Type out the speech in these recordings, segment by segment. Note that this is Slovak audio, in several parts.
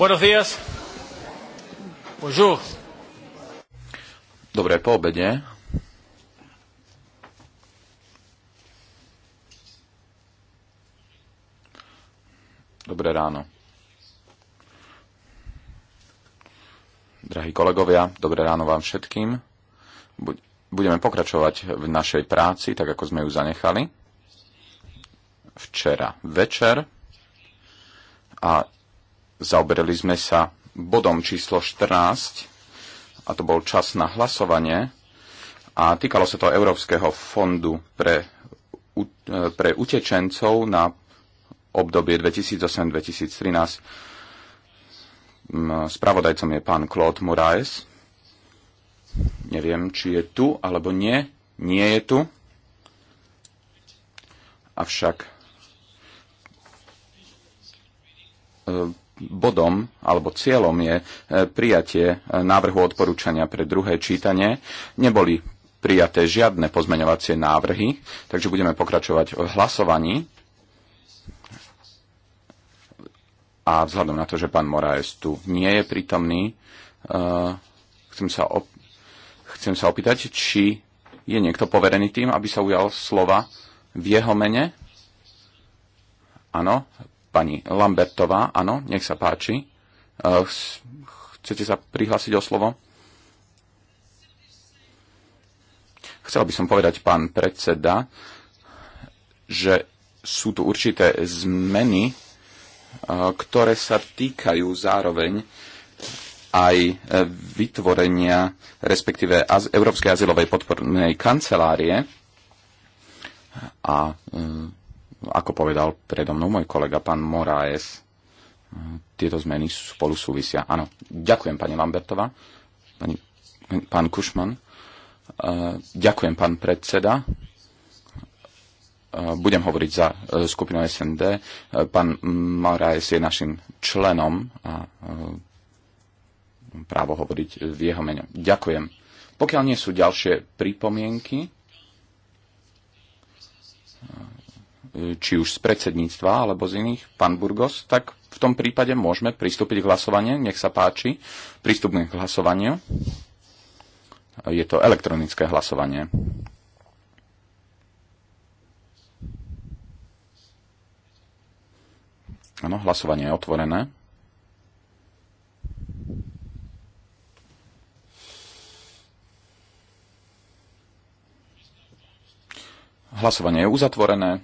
Buenos días. Bonjour. Dobré po obede. Dobré ráno. Drahí kolegovia, dobré ráno vám všetkým. Budeme pokračovať v našej práci, tak ako sme ju zanechali včera večer a Zaoberali sme sa bodom číslo 14, a to bol čas na hlasovanie, a týkalo sa to Európskeho fondu pre, e, pre utečencov na obdobie 2008-2013. Mm, spravodajcom je pán Claude Moraes. Neviem, či je tu alebo nie. Nie je tu. Avšak e, bodom alebo cieľom je e, prijatie e, návrhu odporúčania pre druhé čítanie. Neboli prijaté žiadne pozmeňovacie návrhy, takže budeme pokračovať v hlasovaní. A vzhľadom na to, že pán Moraes tu nie je prítomný, e, chcem sa, op- chcem sa opýtať, či je niekto poverený tým, aby sa ujal slova v jeho mene? Áno, Pani Lambertová, áno, nech sa páči. Eh, chcete sa prihlásiť o slovo? Chcel by som povedať, pán predseda, že sú tu určité zmeny, eh, ktoré sa týkajú zároveň aj eh, vytvorenia, respektíve Európskej azylovej podpornej kancelárie. A ako povedal predo mnou môj kolega, pán Moraes, tieto zmeny spolu súvisia. Áno, ďakujem pani Lambertová, pani, pán Kušman. E, ďakujem, pán predseda. E, budem hovoriť za e, skupinu SND. Pán Moraes je našim členom a právo hovoriť v jeho mene. Ďakujem. Pokiaľ nie sú ďalšie pripomienky, či už z predsedníctva alebo z iných, pán Burgos, tak v tom prípade môžeme pristúpiť k hlasovaniu. Nech sa páči, pristúpme k hlasovaniu. Je to elektronické hlasovanie. Áno, hlasovanie je otvorené. Hlasovanie je uzatvorené.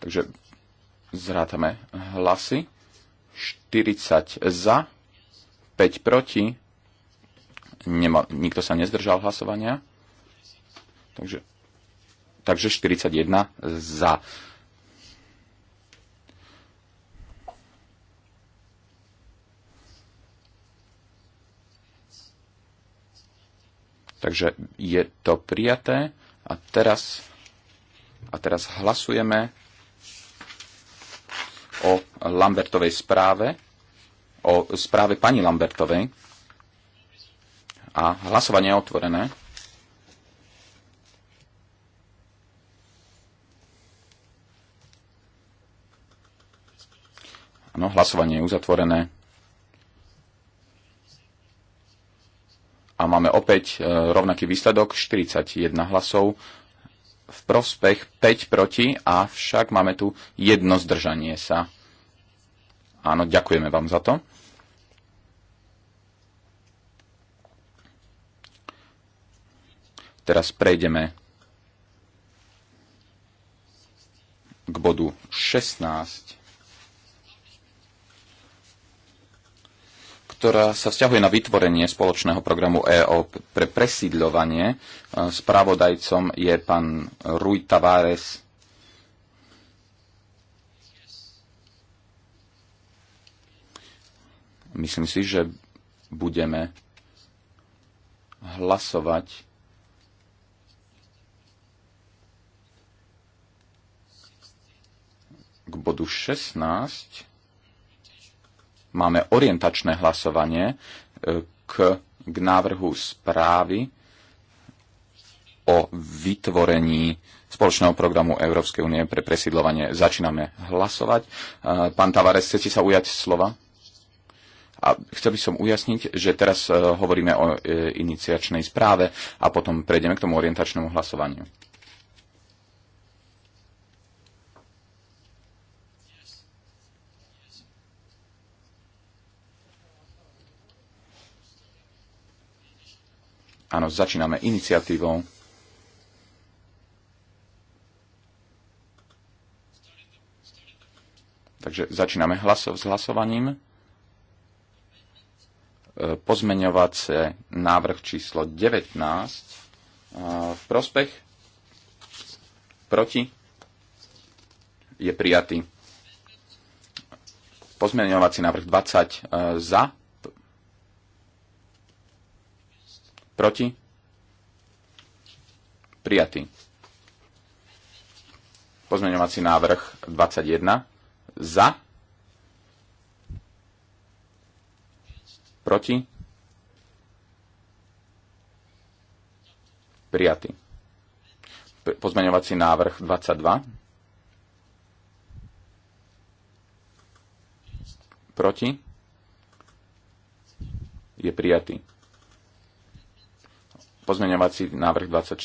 Takže zrátame hlasy. 40 za, 5 proti. Nema, nikto sa nezdržal hlasovania. Takže, takže 41 za. Takže je to prijaté a teraz, a teraz hlasujeme o Lambertovej správe, o správe pani Lambertovej. A hlasovanie je otvorené. Áno, hlasovanie je uzatvorené. a máme opäť e, rovnaký výsledok 41 hlasov v prospech 5 proti, avšak máme tu jedno zdržanie sa. Áno, ďakujeme vám za to. Teraz prejdeme k bodu 16. ktorá sa vzťahuje na vytvorenie spoločného programu EO pre presídľovanie. E, Spravodajcom je pán Rui Tavares. Myslím si, že budeme hlasovať k bodu 16 máme orientačné hlasovanie e, k, k návrhu správy o vytvorení spoločného programu Európskej únie pre presídlovanie. Začíname hlasovať. E, pán Tavares, chcete sa ujať slova? A chcel by som ujasniť, že teraz e, hovoríme o iniciačnej správe a potom prejdeme k tomu orientačnému hlasovaniu. Áno, začíname iniciatívou. Takže začíname hlasov s hlasovaním. E, Pozmeňovacie návrh číslo 19 e, v prospech proti je prijatý. Pozmeňovací návrh 20 e, za Proti? Prijatý. Pozmeňovací návrh 21. Za? Proti? Prijatý. Pozmeňovací návrh 22. Proti? Je prijatý. Pozmeňovací návrh 24.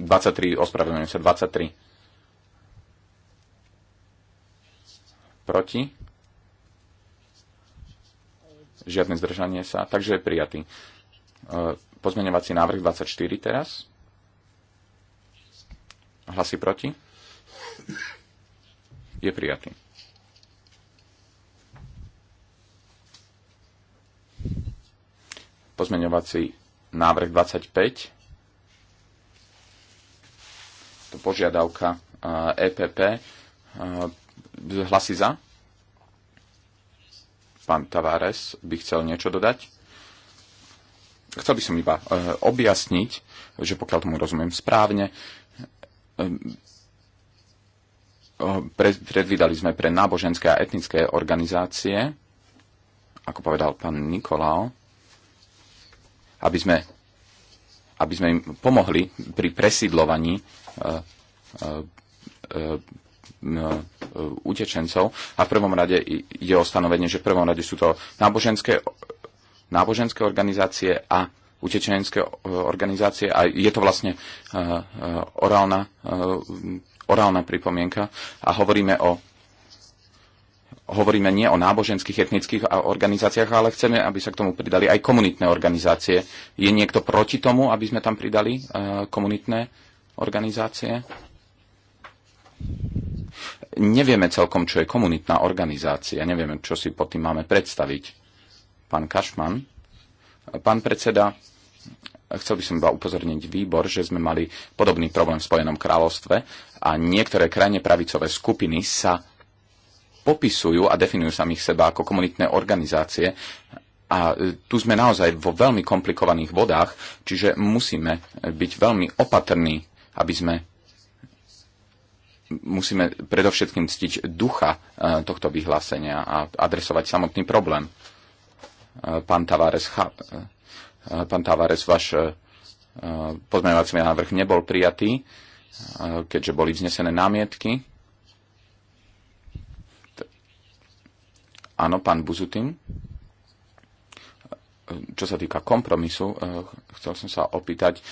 23, ospravedlňujem sa, 23. Proti? Žiadne zdržanie sa, takže je prijatý. E, pozmeňovací návrh 24 teraz. Hlasy proti? Je prijatý. Pozmeňovací návrh 25, to požiadavka EPP, eh, e eh, hlasí za. Pán Tavares by chcel niečo dodať. Chcel by som iba eh, objasniť, že pokiaľ tomu rozumiem správne, predvídali sme pre náboženské a etnické organizácie, ako povedal pán Nikolao, aby sme, aby sme im pomohli pri presídlovaní e, e, e, utečencov. A v prvom rade je o stanovenie, že v prvom rade sú to náboženské, náboženské organizácie a utečenecké organizácie a je to vlastne orálna, orálna pripomienka a hovoríme o hovoríme nie o náboženských, etnických organizáciách, ale chceme, aby sa k tomu pridali aj komunitné organizácie. Je niekto proti tomu, aby sme tam pridali e, komunitné organizácie? Nevieme celkom, čo je komunitná organizácia. Nevieme, čo si pod tým máme predstaviť. Pán Kašman. Pán predseda, chcel by som iba upozorniť výbor, že sme mali podobný problém v Spojenom kráľovstve a niektoré krajne pravicové skupiny sa popisujú a definujú samých seba ako komunitné organizácie. A e, tu sme naozaj vo veľmi komplikovaných vodách, čiže musíme e, byť veľmi opatrní, aby sme musíme predovšetkým ctiť ducha e, tohto vyhlásenia a adresovať samotný problém. Pán Tavares, pán Tavares váš pozmeňovací návrh nebol prijatý, keďže boli vznesené námietky. Áno, pán Buzutin. Čo sa týka kompromisu, eh, chcel som sa opýtať, eh,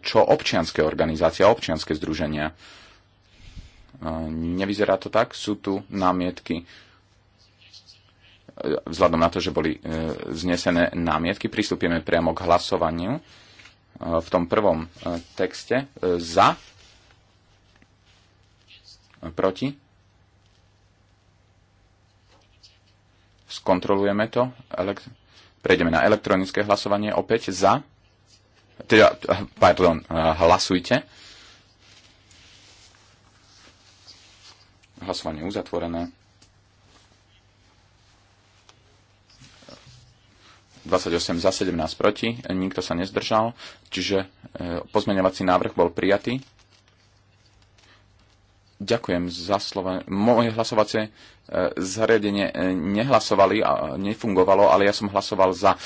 čo občianské organizácie a občianské združenia. Eh, nevyzerá to tak? Sú tu námietky? Vzhľadom na to, že boli znesené námietky, pristúpime priamo k hlasovaniu v tom prvom texte za, proti, Skontrolujeme to. Elekt- Prejdeme na elektronické hlasovanie opäť za. Teda, pardon, eh, hlasujte. Hlasovanie uzatvorené. 28 za 17 proti, nikto sa nezdržal, čiže eh, pozmeňovací návrh bol prijatý. Ďakujem za slovo. Moje hlasovacie e, zariadenie e, nehlasovali a nefungovalo, ale ja som hlasoval za.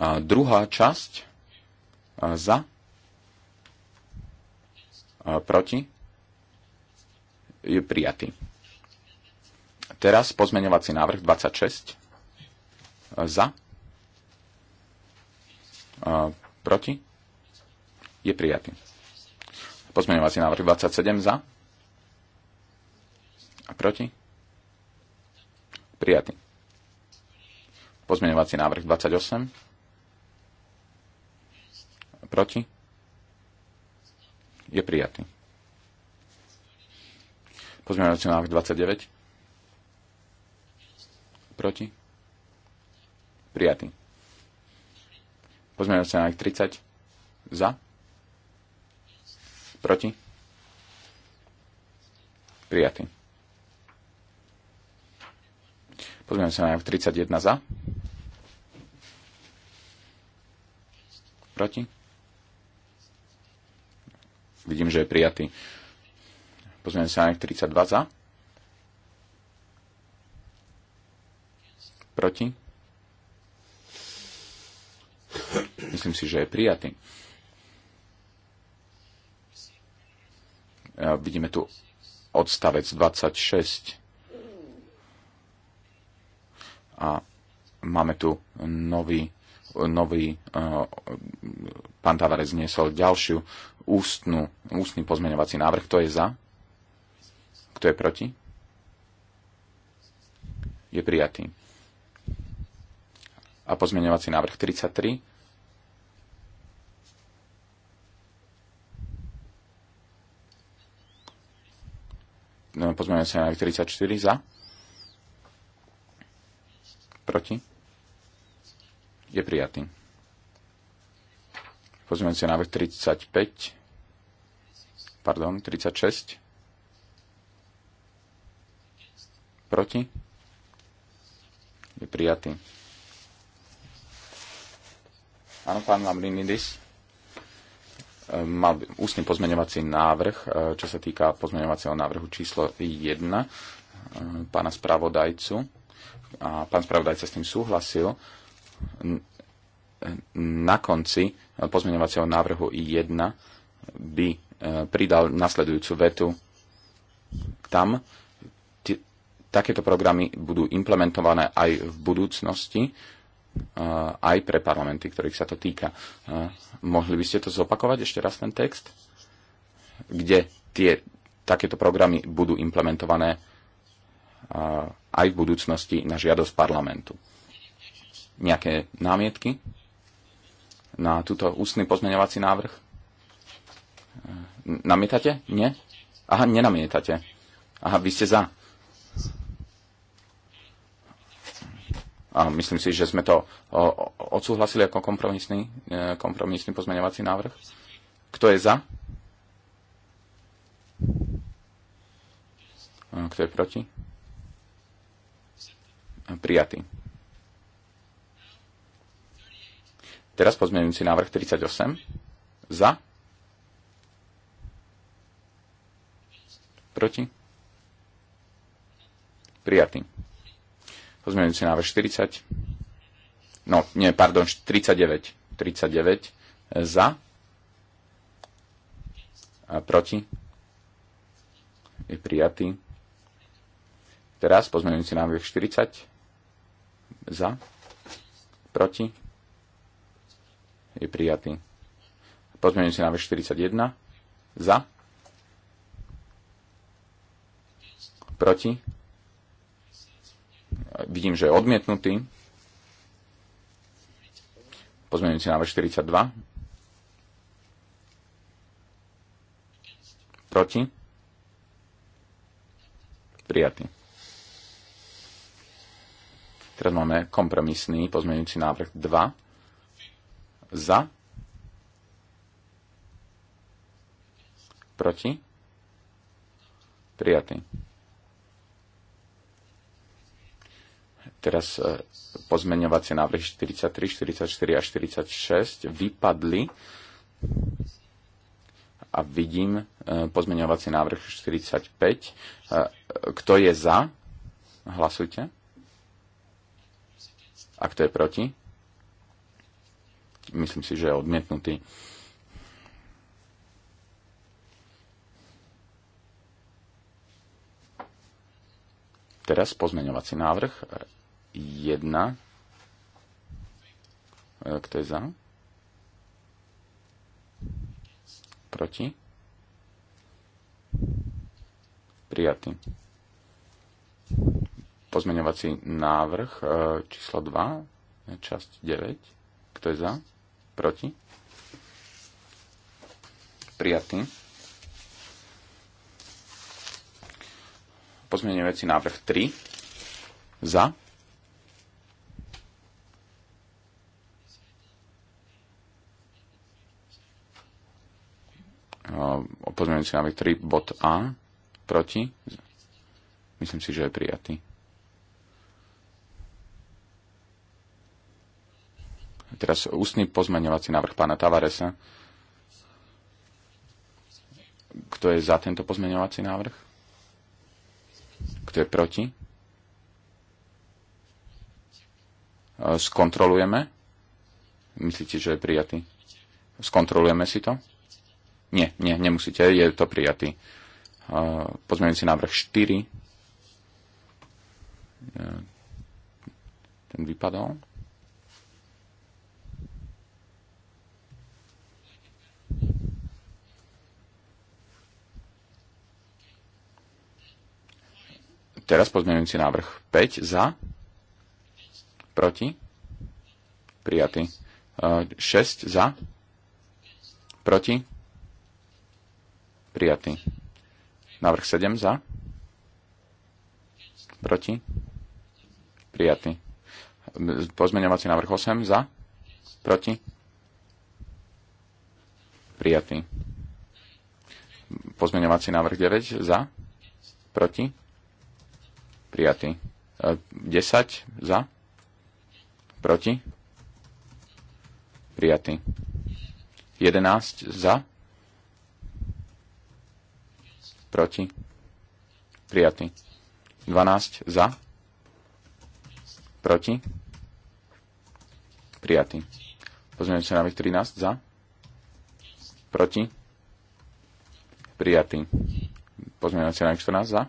A e, druhá časť za, proti, je prijatý. Teraz pozmeňovací návrh 26 za, proti, je prijatý. Pozmeňovací návrh 27 za. A proti? Prijatý. Pozmeňovací návrh 28. A proti? Je prijatý. Pozmeňovací návrh 29. Proti? Prijatý. Pozmeňovací návrh 30. Za? Proti? Prijatý. Pozrieme sa na 31 za. Proti? Vidím, že je prijatý. Pozrieme sa na 32 za. Proti? Myslím si, že je prijatý. Vidíme tu odstavec 26. A máme tu nový, nový e, pán Tavarec zniesol ďalšiu ústnu, ústny pozmeňovací návrh. Kto je za? Kto je proti? Je prijatý. A pozmeňovací návrh 33. Pozmeňujúci návrh 34 za. Proti. Je prijatý. Pozmeňujúci návrh 35. Pardon, 36. Proti. Je prijatý. Áno, pán Ďakujem mal ústny pozmeňovací návrh, e, čo sa týka pozmeňovacieho návrhu číslo 1 e, pána spravodajcu. A pán spravodajca s tým súhlasil. Na konci pozmeňovacieho návrhu 1 by e, pridal nasledujúcu vetu tam. Takéto programy budú implementované aj v budúcnosti Eh, aj pre parlamenty, ktorých sa to týka. Eh, mohli by ste to zopakovať ešte raz ten text? Kde tie takéto programy budú implementované eh, aj v budúcnosti na žiadosť parlamentu. Nejaké námietky na túto ústny pozmeňovací návrh? Namietate? Nie? Aha, nenamietate. Aha, vy ste za. A myslím si, že sme to odsúhlasili ako kompromisný, e, kompromisný pozmeňovací návrh. Kto je za? E, kto je proti? E, prijatý. Teraz pozmeňujúci návrh 38. Za? Proti? Prijatý. Pozmeňujúci návrh 40. No, nie, pardon, 39. 39 e, za. A proti. Je prijatý. Teraz pozmeňujúci návrh 40 za. Proti. Je prijatý. Pozmeňujúci návrh 41 za. Proti Vidím, že je odmietnutý. si návrh 42. Proti? Prijatý. Teraz máme kompromisný pozmeňujúci návrh 2. Za? Proti? Prijatý. Teraz e, pozmeňovacie návrhy 43, 44 a 46 vypadli a vidím e, pozmeňovací návrh 45. E, kto je za? Hlasujte. A kto je proti? Myslím si, že je odmietnutý. Teraz pozmeňovací návrh 1. E, kto je za? Proti? Prijatý. Pozmeňovací návrh e, číslo 2, časť 9. Kto je za? Proti? Prijatý. Pozmeňovací návrh 3. Za? Pozmeňujúci návrh 3 bod A. Proti? Myslím si, že je prijatý. Teraz ústny pozmeňovací návrh pána Tavaresa. Kto je za tento pozmeňovací návrh? Kto je proti? Skontrolujeme. Myslíte, že je prijatý? Skontrolujeme si to? Nie, nie, nemusíte, je to prijatý. Uh, Pozmeňujúci návrh 4. Ten vypadol. Teraz pozmeňujúci návrh 5 za, proti, prijatý. 6 za, proti, Prijatý. Návrh 7 za. Proti. Prijatý. Pozmeňovací návrh 8 za. Proti. Prijatý. Pozmeňovací návrh 9 za. Proti. Prijatý. 10 e, za. Proti. Prijatý. 11 za proti, prijatý. 12 za, proti, prijatý. Pozmeňujem Pozmeňujúci návrh 13 za, proti, prijatý. Pozmeňujem Pozmeňujúci návrh 14 za,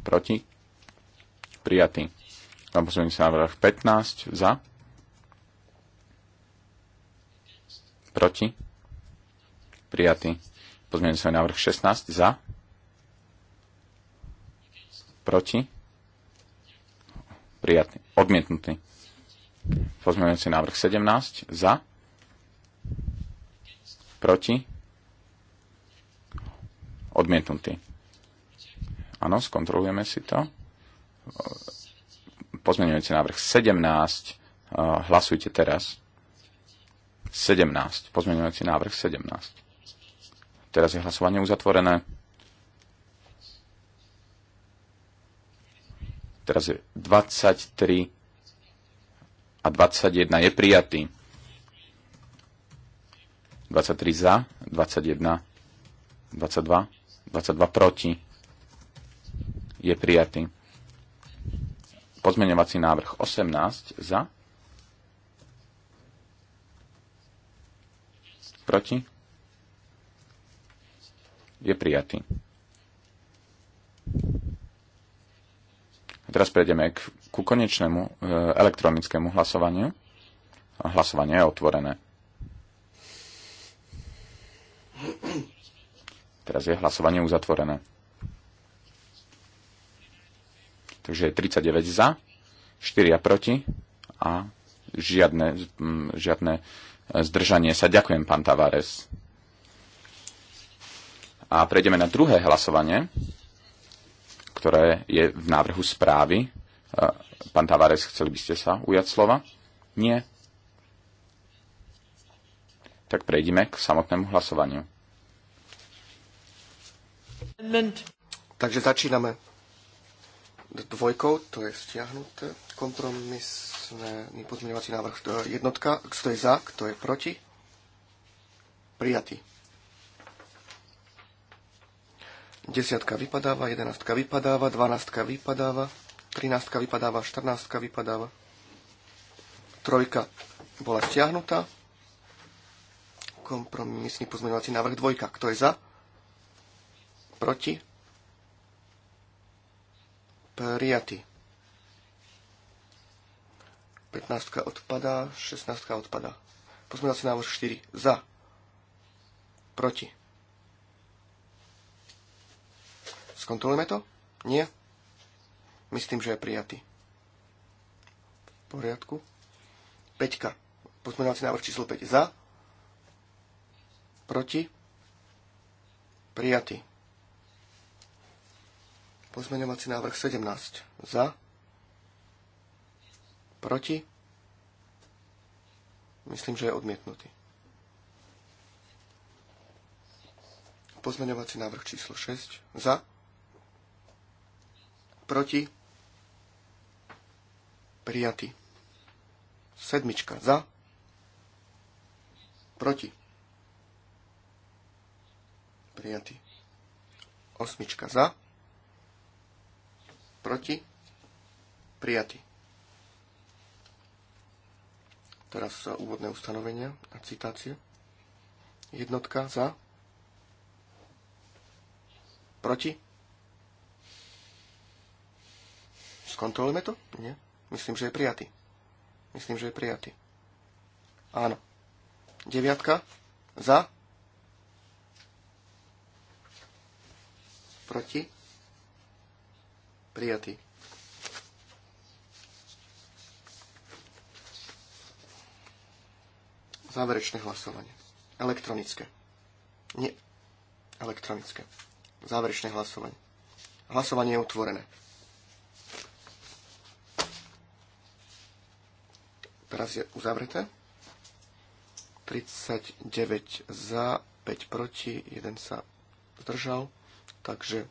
proti, prijatý. Pozmeňujem Pozmeňujúci návrh 15 za, proti, prijatý Pozmeňujem sa návrh 16 za. Proti. Prijatý. Odmietnutý. si návrh 17 za. Proti. Odmietnutý. Áno, skontrolujeme si to. Pozmeňujúci návrh 17. Eh, hlasujte teraz. 17. Pozmeňujúci návrh 17. Teraz je hlasovanie uzatvorené. Teraz je 23 a 21 je prijatý. 23 za, 21, 22, 22 proti je prijatý. Pozmeňovací návrh 18 za, proti je prijatý. A teraz prejdeme k, ku konečnému e, elektronickému hlasovaniu. Hlasovanie je otvorené. Teraz je hlasovanie uzatvorené. Takže 39 za, 4 proti a žiadne, mm, žiadne e, zdržanie sa. Ďakujem, pán Tavares. A prejdeme na druhé hlasovanie, ktoré je v návrhu správy. E, pán Tavares, chceli by ste sa ujať slova? Nie. Tak prejdeme k samotnému hlasovaniu. Takže začíname dvojkou, to je stiahnuté, kompromisný pozmeňovací návrh jednotka, kto je za, kto je proti, prijatý. Desiatka vypadáva, jedenáctka vypadáva, dvanáctka vypadáva, trináctka vypadáva, štrnáctka vypadáva. Trojka bola stiahnutá. Kompromisný pozmeňovací návrh dvojka. Kto je za? Proti? Prijatý. 15 odpadá, 16 odpadá. Pozmeňovací návrh 4. Za. Proti Skontrolujeme to? Nie? Myslím, že je prijatý. V poriadku. Peťka. Pozmeňovací návrh číslo 5. Za. Proti. Prijatý. Pozmeňovací návrh 17. Za. Proti. Myslím, že je odmietnutý. Pozmeňovací návrh číslo 6. Za proti, prijatý. Sedmička za, proti, prijatý. Osmička za, proti, prijatý. Teraz úvodné ustanovenia a citácie. Jednotka za, proti, Skontrolujeme to? Nie. Myslím, že je prijatý. Myslím, že je prijatý. Áno. Deviatka. Za. Proti. Prijatý. Záverečné hlasovanie. Elektronické. Nie. Elektronické. Záverečné hlasovanie. Hlasovanie je otvorené. Teraz je uzavreté. 39 za, 5 proti, 1 sa zdržal. Takže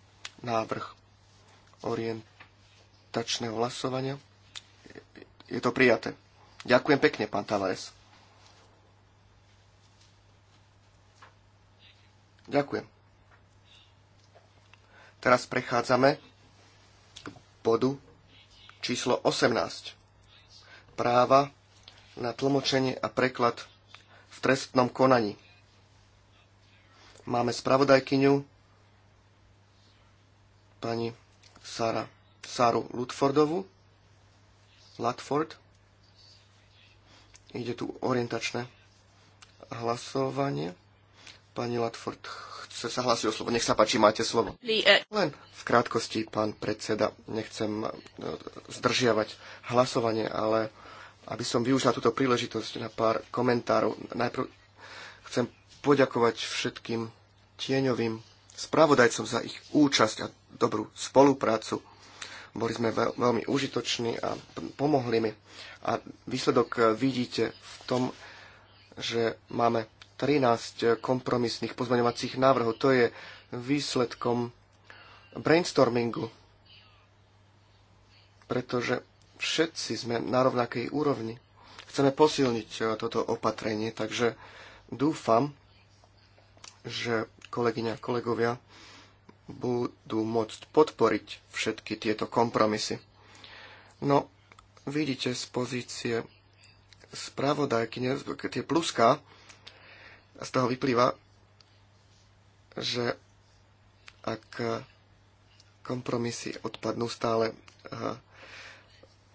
návrh orientačného hlasovania je to prijaté. Ďakujem pekne, pán Tavares. Ďakujem. Teraz prechádzame k bodu číslo 18. Práva na tlmočenie a preklad v trestnom konaní. Máme spravodajkyňu pani Sara, Saru Lutfordovu. Latford. Ide tu orientačné hlasovanie. Pani Latford chce sa hlásiť o slovo. Nech sa páči, máte slovo. Len v krátkosti, pán predseda, nechcem eh, zdržiavať hlasovanie, ale aby som využila túto príležitosť na pár komentárov. Najprv chcem poďakovať všetkým tieňovým spravodajcom za ich účasť a dobrú spoluprácu. Boli sme veľ, veľmi užitoční a pomohli mi. A výsledok e, vidíte v tom, že máme 13 e, kompromisných pozmaňovacích návrhov. To je výsledkom brainstormingu, pretože všetci sme na rovnakej úrovni. Chceme posilniť e, toto opatrenie, takže dúfam, že kolegyňa a kolegovia budú môcť podporiť všetky tieto kompromisy. No, vidíte z pozície spravodajkyne, tie pluská, z toho vyplýva, že ak kompromisy odpadnú stále, e,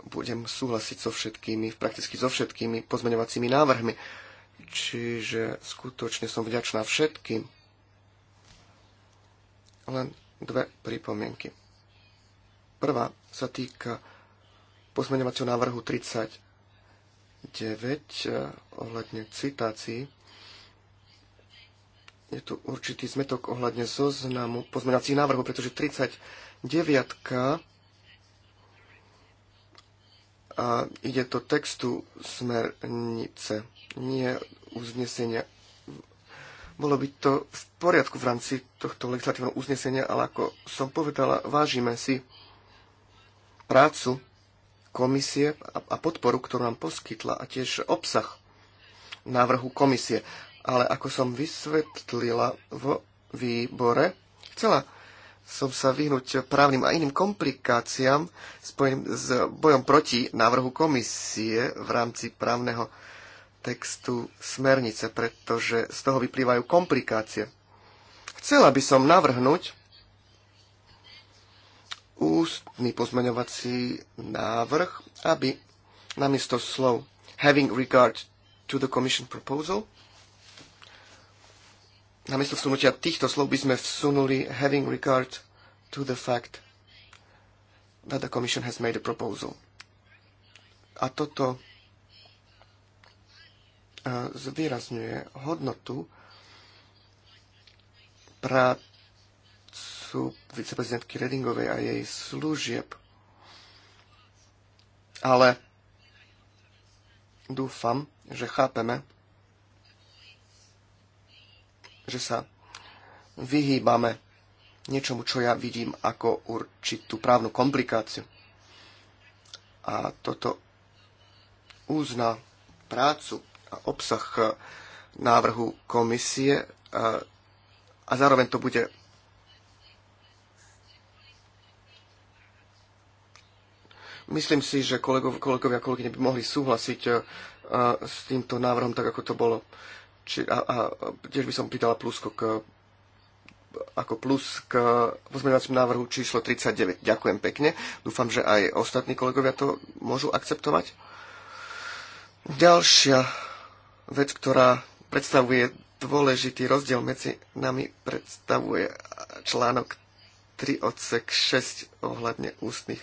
budem súhlasiť so všetkými, prakticky so všetkými pozmeňovacími návrhmi. Čiže skutočne som vďačná všetkým. Len dve pripomienky. Prvá sa týka pozmeňovacieho návrhu 39 eh, ohľadne citácií. Je tu určitý zmetok ohľadne zoznamu pozmeňovacích návrhov, pretože 39 a ide to textu smernice, nie uznesenia. Bolo by to v poriadku v rámci tohto legislatívneho uznesenia, ale ako som povedala, vážime si prácu komisie a podporu, ktorú nám poskytla a tiež obsah návrhu komisie. Ale ako som vysvetlila v výbore, chcela som sa vyhnúť právnym a iným komplikáciám spojeným s bojom proti návrhu komisie v rámci právneho textu smernice, pretože z toho vyplývajú komplikácie. Chcela by som navrhnúť ústny pozmeňovací návrh, aby namiesto slov having regard to the commission proposal na namiesto vsunutia týchto slov by sme vsunuli having regard to the fact that the Commission has made a proposal. A toto eh, zvýrazňuje hodnotu prácu viceprezidentky Redingovej a jej služieb. Ale dúfam, že chápeme, že sa vyhýbame niečomu, čo ja vidím ako určitú právnu komplikáciu. A toto uzná prácu a obsah e, návrhu komisie e, a zároveň to bude Myslím si, že kolegov, kolegovia a kolegyne by mohli súhlasiť e, s týmto návrhom, tak ako to bolo či, a, a tiež by som pýtala plusko k, ako plus k pozmeňovacím návrhu číslo 39. Ďakujem pekne. Dúfam, že aj ostatní kolegovia to môžu akceptovať. Ďalšia vec, ktorá predstavuje dôležitý rozdiel medzi nami, predstavuje článok 3 odsek 6 ohľadne ústnych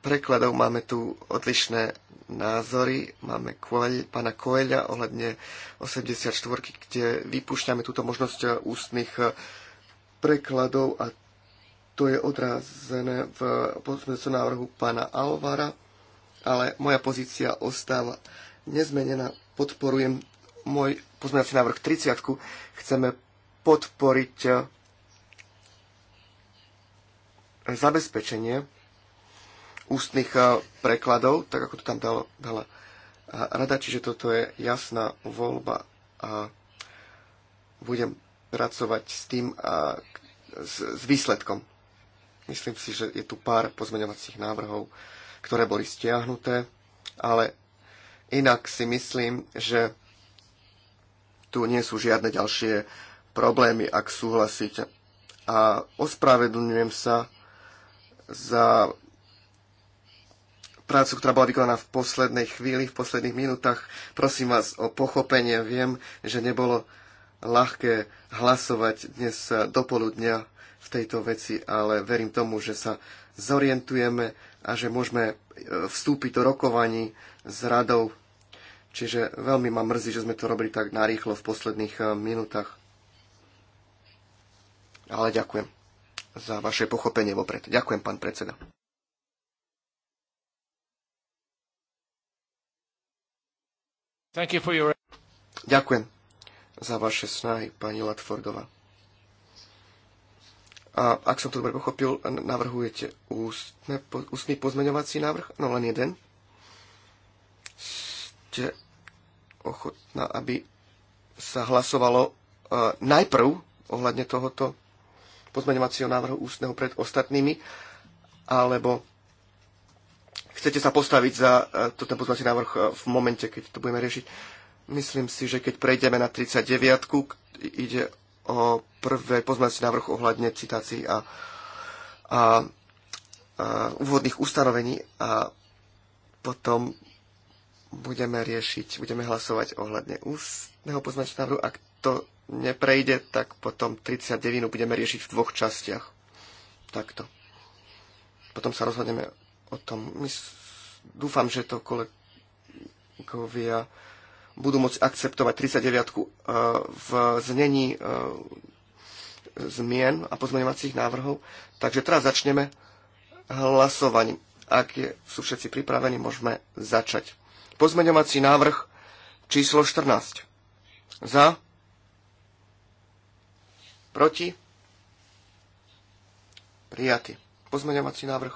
prekladov máme tu odlišné názory. Máme Koel, pána Koelia ohľadne 84, kde vypúšťame túto možnosť eh, ústnych eh, prekladov a to je odrazené v pozmeňujúcom návrhu pána Alvara, ale moja pozícia ostáva nezmenená. Podporujem môj pozmeňovací návrh 30. Chceme podporiť eh, zabezpečenie ústnych eh, prekladov, tak ako to tam dala, dala eh, rada, čiže toto je jasná voľba a budem pracovať s tým a eh, s, s výsledkom. Myslím si, že je tu pár pozmeňovacích návrhov, ktoré boli stiahnuté, ale inak si myslím, že tu nie sú žiadne ďalšie problémy, ak súhlasíte. A ospravedlňujem sa za prácu, ktorá bola vykonaná v poslednej chvíli, v posledných minútach. Prosím vás o pochopenie. Viem, že nebolo ľahké hlasovať dnes dopoludnia v tejto veci, ale verím tomu, že sa zorientujeme a že môžeme e, vstúpiť do rokovaní s radou. Čiže veľmi ma mrzí, že sme to robili tak narýchlo v posledných e, minútach. Ale ďakujem za vaše pochopenie vopred. Ďakujem, pán predseda. You your... Ďakujem za vaše snahy, pani Latfordová. A ak som to dobre pochopil, navrhujete ústne, ústny pozmeňovací návrh? No len jeden. Ste ochotná, aby sa hlasovalo uh, najprv ohľadne tohoto pozmeňovacieho návrhu ústneho pred ostatnými, alebo chcete sa postaviť za e, to, ten pozvací návrh e, v momente, keď to budeme riešiť. Myslím si, že keď prejdeme na 39, ide o prvé pozvací návrh ohľadne citácií a, a, a úvodných ustanovení a potom budeme riešiť, budeme hlasovať ohľadne ústneho poznačného návrhu. Ak to neprejde, tak potom 39 budeme riešiť v dvoch častiach. Takto. Potom sa rozhodneme o tom. My dúfam, že to kolegovia budú môcť akceptovať 39 e, v znení e, zmien a pozmeňovacích návrhov. Takže teraz začneme hlasovaním. Ak je, sú všetci pripravení, môžeme začať. Pozmeňovací návrh číslo 14. Za. Proti. Prijatý. Pozmeňovací návrh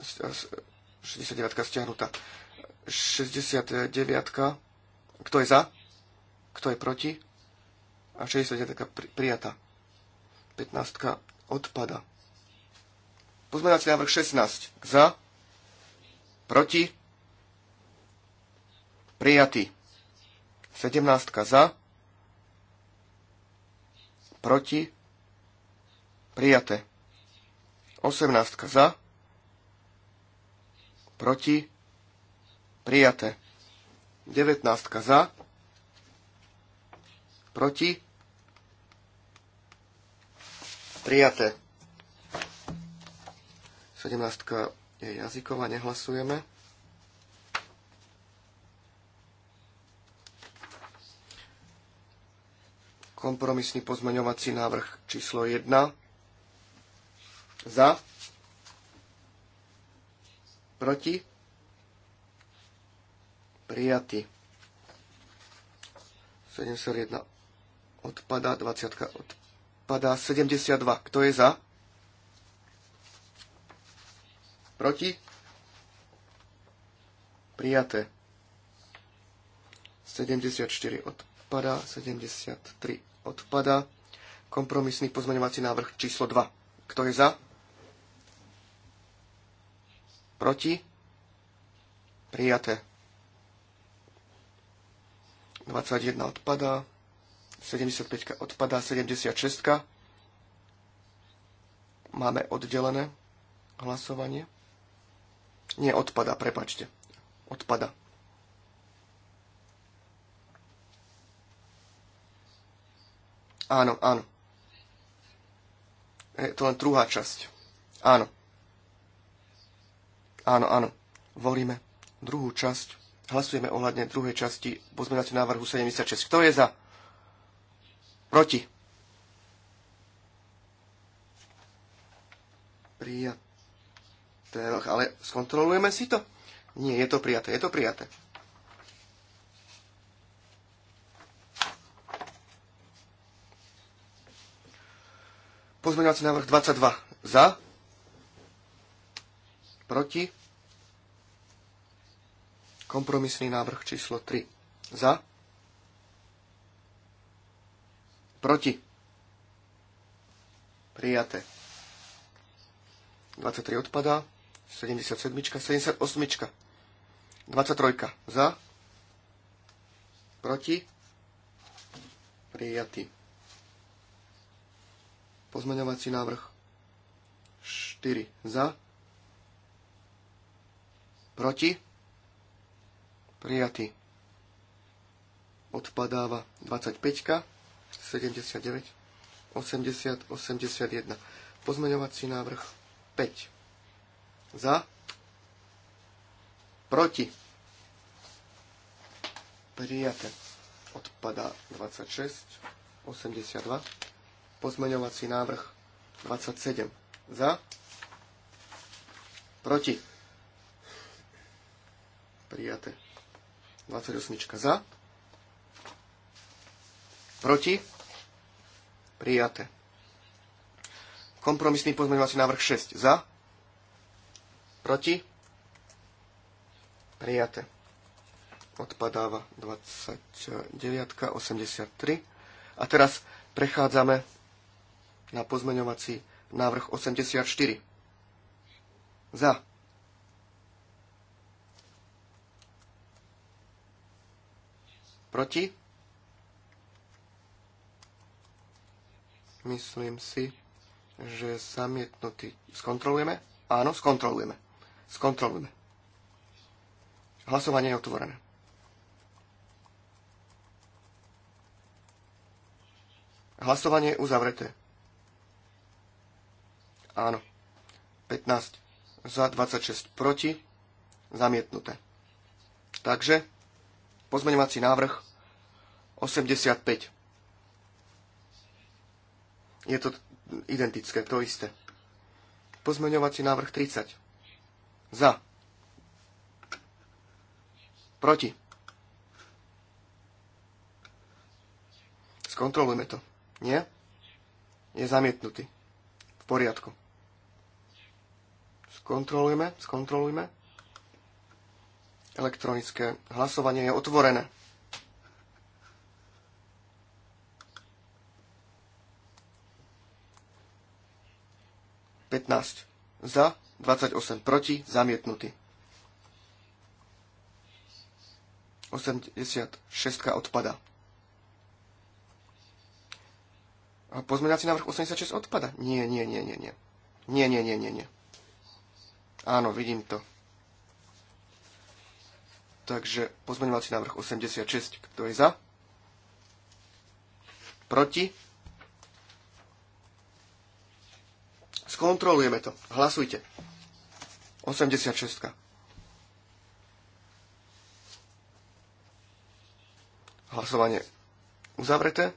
69 stiahnutá. 69. Kto je za? Kto je proti? A 69 prijatá. 15 odpada. Pozmeňovací návrh 16. Za? Proti? Prijatý. 17 za? Proti? Prijaté. 18 za? proti, prijaté. 19 za, proti, prijaté. 17 je jazyková, nehlasujeme. Kompromisný pozmeňovací návrh číslo 1 za Proti? Prijatý. 71 odpada, 20 odpada, 72. Kto je za? Proti? Prijaté. 74 odpada, 73 odpada. Kompromisný pozmeňovací návrh číslo 2. Kto je za? Proti? Prijaté. 21 odpadá. 75 odpadá. 76. Máme oddelené hlasovanie. Nie, odpada, prepačte. Odpada. Áno, áno. Je to len druhá časť. Áno. Áno, áno. Volíme druhú časť. Hlasujeme ohľadne druhej časti pozmeňovacieho návrhu 76. Kto je za? Proti. Prijaté. Ale skontrolujeme si to? Nie, je to prijaté. Je to prijaté. Pozmeňovací návrh 22. Za? Proti? Kompromisný návrh číslo 3. Za? Proti? Prijaté. 23 odpadá. 77. 78. 23. Za? Proti? Prijatý. Pozmeňovací návrh 4. Za? Proti? prijatý. Odpadáva 25, 79, 80, 81. Pozmeňovací návrh 5. Za. Proti. Prijaté. Odpadá 26, 82. Pozmeňovací návrh 27. Za. Proti. Prijaté. 28 za. Proti? Prijaté. Kompromisný pozmeňovací návrh 6 za. Proti? Prijaté. Odpadáva 29, 83. A teraz prechádzame na pozmeňovací návrh 84. Za. Proti? Myslím si, že zamietnutý. Skontrolujeme? Áno, skontrolujeme. Skontrolujeme. Hlasovanie je otvorené. Hlasovanie je uzavreté. Áno. 15 za, 26 proti, zamietnuté. Takže Pozmeňovací návrh 85. Je to identické, to isté. Pozmeňovací návrh 30. Za. Proti. Skontrolujme to. Nie? Je zamietnutý. V poriadku. Skontrolujme, skontrolujme. Elektronické hlasovanie je otvorené. za, 28 proti, zamietnutý. 86 odpada. A pozmeňací návrh 86 odpada? Nie, nie, nie, nie, nie. Nie, nie, nie, nie, nie. Áno, vidím to. Takže pozmeňovací návrh 86. Kto je za? Proti? Skontrolujeme to. Hlasujte. 86. Hlasovanie uzavreté.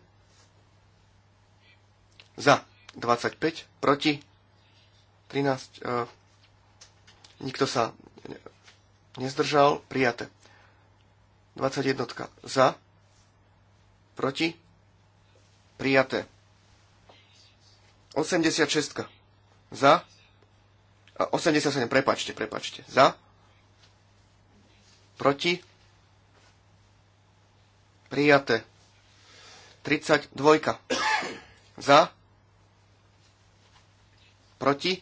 Za 25, proti 13. Eh, nikto sa nezdržal. Prijaté. 21 za, proti, prijaté. 86 za, 87, prepačte, prepačte, za, proti, prijaté. 32 za, proti,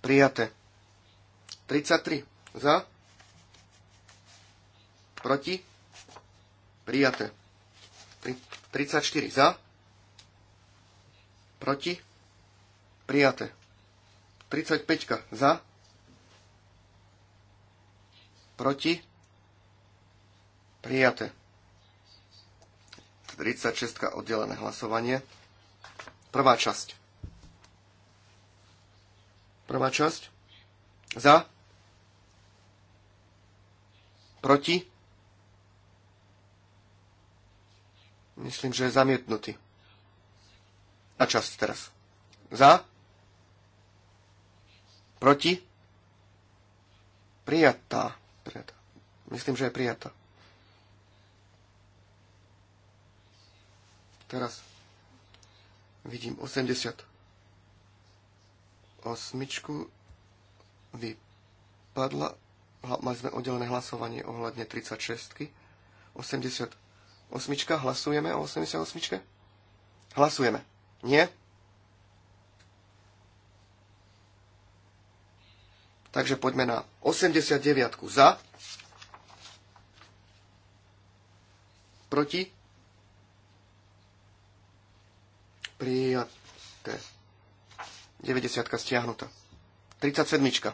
prijaté. 33 za, proti, prijaté. 34 za, proti, prijaté. 35 za, proti, prijaté. 36 oddelené hlasovanie. Prvá časť. Prvá časť. Za. Proti. Myslím, že je zamietnutý. a čas teraz. Za? Proti? Prijatá. prijatá. Myslím, že je prijatá. Teraz vidím 80. Osmičku vypadla. Mali sme oddelené hlasovanie ohľadne 36. 80 Osmička, hlasujeme o 88? Hlasujeme. Nie? Takže poďme na 89 za. Proti. Prijaté. 90 stiahnutá. 37.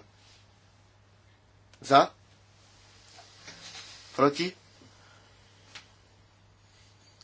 Za. Proti.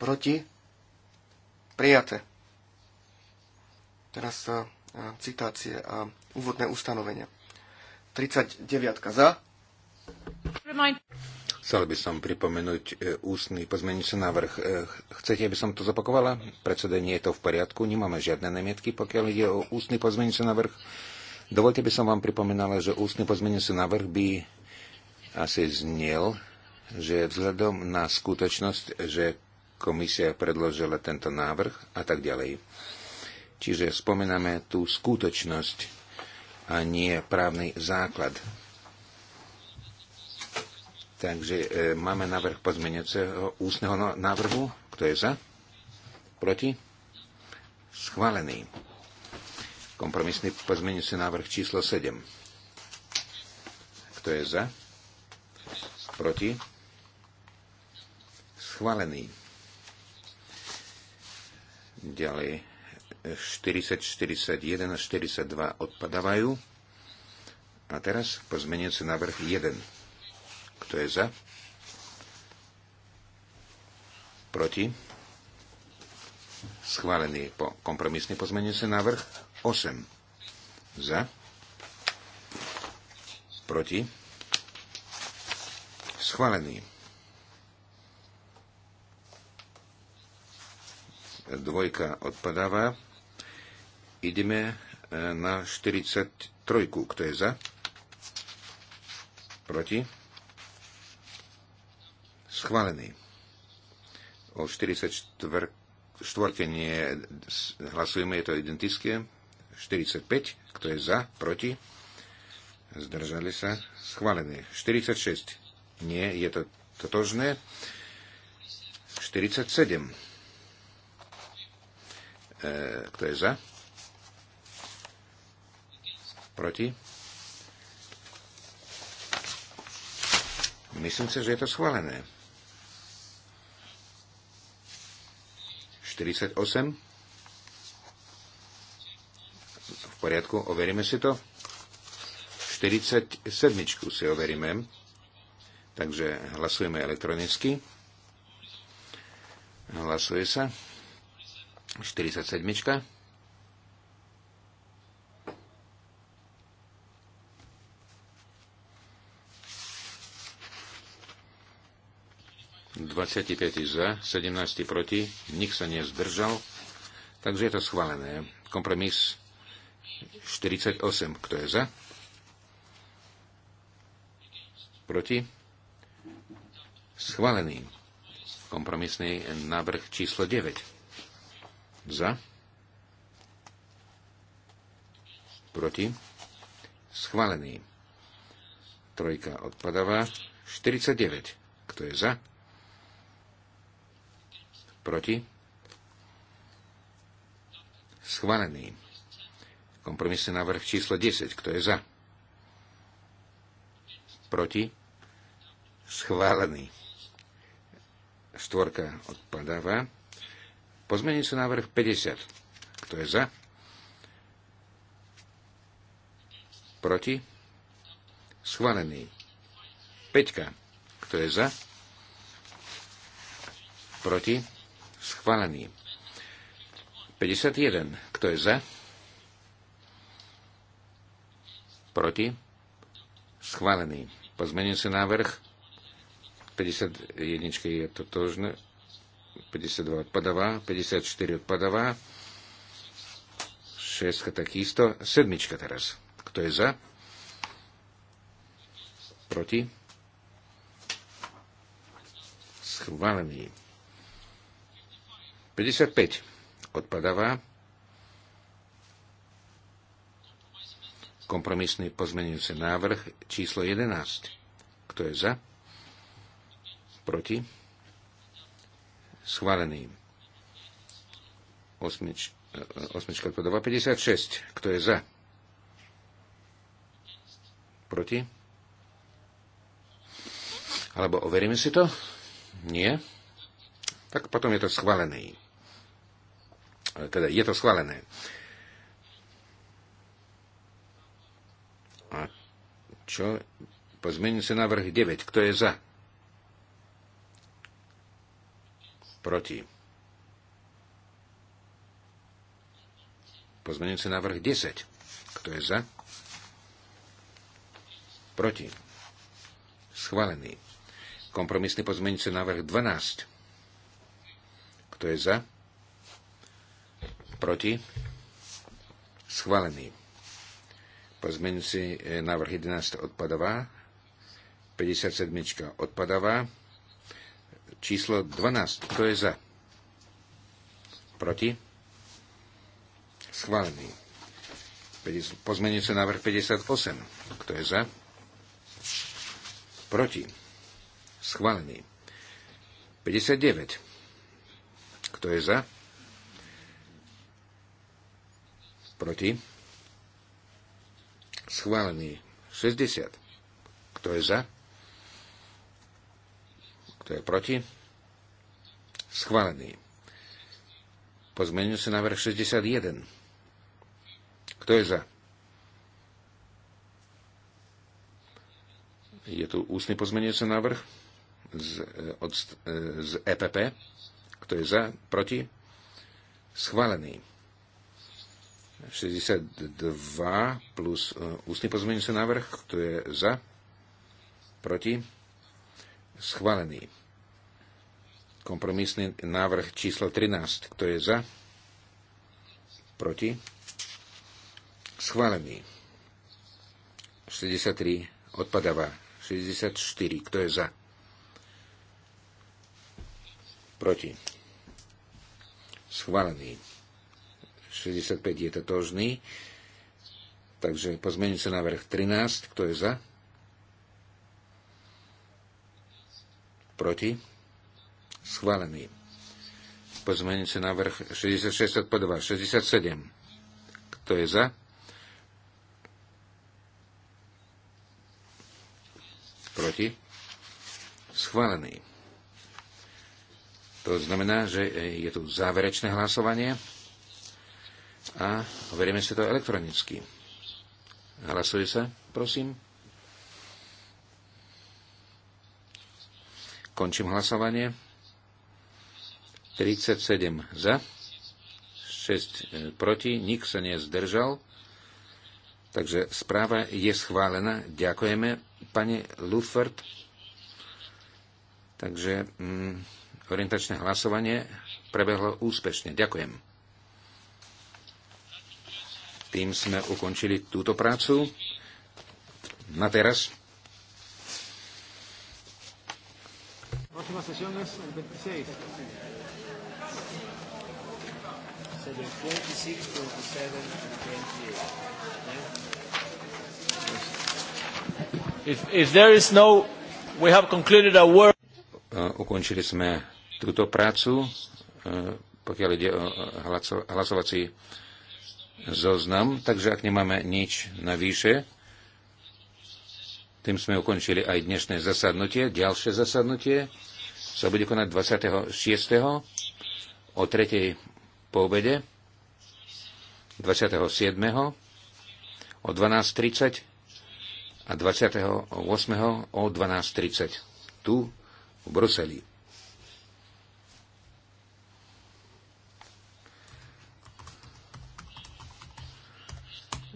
proti, prijaté. Teraz sa e, e, citácie a úvodné ustanovenia. 39 za. Chcel by som pripomenúť e, ústny pozmenujúci návrh. Chcete, aby som to zopakovala? Predseda, nie je to v poriadku, nemáme žiadne nemietky, pokiaľ ide o ústny pozmenujúci návrh. Dovolte by som vám pripomenala, že ústny pozmenujúci návrh by asi zniel, že vzhľadom na skutočnosť, že komisia predložila tento návrh a tak ďalej. Čiže spomíname tú skutočnosť a nie právny základ. Takže e, máme návrh pozmeňujúceho ústneho no- návrhu. Kto je za? Proti? Schválený. Kompromisný pozmeňujúci návrh číslo 7. Kto je za? Proti? Schválený Ďalej 40, 41 a 42 odpadávajú. A teraz pozmeniaci návrh 1. Kto je za? Proti? Schválený po kompromisný pozmeniaci návrh 8. Za? Proti? Schválený. dvojka odpadáva. Ideme e, na 43. Kto je za? Proti? Schválený. O 44. nie hlasujeme, je to identické. 45. Kto je za? Proti? Zdržali sa. Schválený. 46. Nie, je to totožné. 47. E, kto je za? Proti? Myslím si, že je to schválené. 48. V poriadku, overíme si to. 47 si overíme. Takže hlasujeme elektronicky. Hlasuje sa. 47. za, 17 proti, nik sa nezdržal, takže je to schválené. Kompromis 48, kto je za? Proti? Schválený. Kompromisný návrh číslo 9. Za. Proti. Schválený. Trojka odpadáva. 49. Kto je za? Proti? Schválený. Kompromisný návrh číslo 10. Kto je za? Proti? Schválený. Štvorka odpadáva. Pozmenujúci návrh 50. Kto je za? Proti? Schválený. 5. Kto je za? Proti? Schválený. 51. Kto je za? Proti? Schválený. Pozmenujúci návrh 51 je totožné 52 odpadáva, 54 odpadáva, 6 takisto, 7 teraz. Kto je za? Proti? Schválený. 55 odpadáva. Kompromisný pozmenujúci návrh číslo 11. Kto je za? Proti? schválený. Osmič, e, osmička odpadáva. 56. Kto je za? Proti? Alebo overíme si to? Nie? Tak potom je to schválený. E, teda je to schválené. A čo? Pozmení sa návrh 9. Kto je za? Proti. Pozmenujúci návrh 10. Kto je za? Proti. Schválený. Kompromisný pozmenujúci návrh 12. Kto je za? Proti. Schválený. Pozmenujúci eh, návrh 11 odpadová. 57 odpadová číslo 12. Kto je za? Proti? Schválený. Pozmenujúci návrh 58. Kto je za? Proti. Schválený. 59. Kto je za? Proti. Schválený. 60. Kto je za? Kto je proti? Schválený. Pozmenil sa návrh 61. Kto je za? Je tu ústny pozmenujúci návrh z, eh, od, eh, z EPP. Kto je za? Proti? Schválený. 62 plus eh, ústny pozmenujúci návrh. Kto je za? Proti? Schválený. Kompromisný návrh číslo 13. Kto je za? Proti? Schválený. 63. Odpadáva. 64. Kto je za? Proti. Schválený. 65 je totožný. Takže pozmení pozmeňujúci návrh 13. Kto je za? Proti? Schválený. Pozmeňujúci návrh 66 odpadová. 67. Kto je za? Proti? Schválený. To znamená, že je tu záverečné hlasovanie a overieme si to elektronicky. Hlasuje sa, prosím. Končím hlasovanie. 37 za, 6 e, proti, nik sa nezdržal. Takže správa je schválená. Ďakujeme, pani Luffert, Takže mm, orientačné hlasovanie prebehlo úspešne. Ďakujem. Tým sme ukončili túto prácu. Na teraz. Próxima sesión es el 26. 26, 27, and 28. Yeah? If, if there is no, we have concluded our work. ukončili sme túto prácu, e, pokiaľ ide o e, hlasovací zoznam, takže ak nemáme nič navýše, tým sme ukončili aj dnešné zasadnutie. Ďalšie zasadnutie sa bude konať 26. o 3 po obede 27. o 12.30 a 28. o 12.30 tu v Bruseli.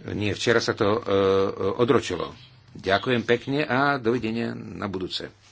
Nie, včera sa to e, e odročilo. Ďakujem pekne a dovidenia na budúce.